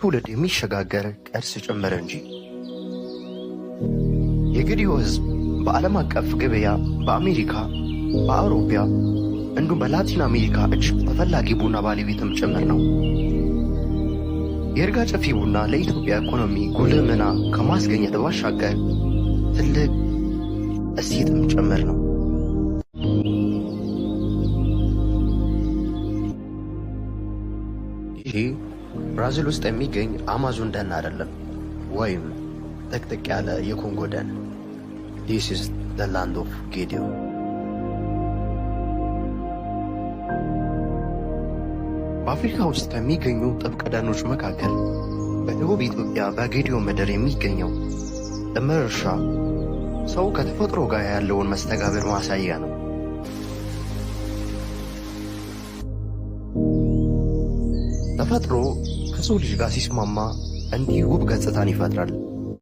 ትውልድ የሚሸጋገር ቅርስ ጭምር እንጂ። የግዲዮ ህዝብ በዓለም አቀፍ ገበያ በአሜሪካ፣ በአውሮፓ እንዲሁም በላቲን አሜሪካ እጅግ ተፈላጊ ቡና ባለቤትም ጭምር ነው። የይርጋ ጨፌ ቡና ለኢትዮጵያ ኢኮኖሚ ጉልህ ሚና ከማስገኘት ባሻገር ትልቅ እሴትም ጭምር ነው። ብራዚል ውስጥ የሚገኝ አማዞን ደን አይደለም፣ ወይም ጥቅጥቅ ያለ የኮንጎ ደን። ዲስ ኢዝ ላንድ ኦፍ ጌዲዮ። በአፍሪካ ውስጥ ከሚገኙ ጥብቅ ደኖች መካከል በደቡብ ኢትዮጵያ በጌዲዮ ምድር የሚገኘው ጥምር እርሻ ሰው ከተፈጥሮ ጋር ያለውን መስተጋብር ማሳያ ነው። ተፈጥሮ ከሰው ልጅ ጋር ሲስማማ እንዲህ ውብ ገጽታን ይፈጥራል።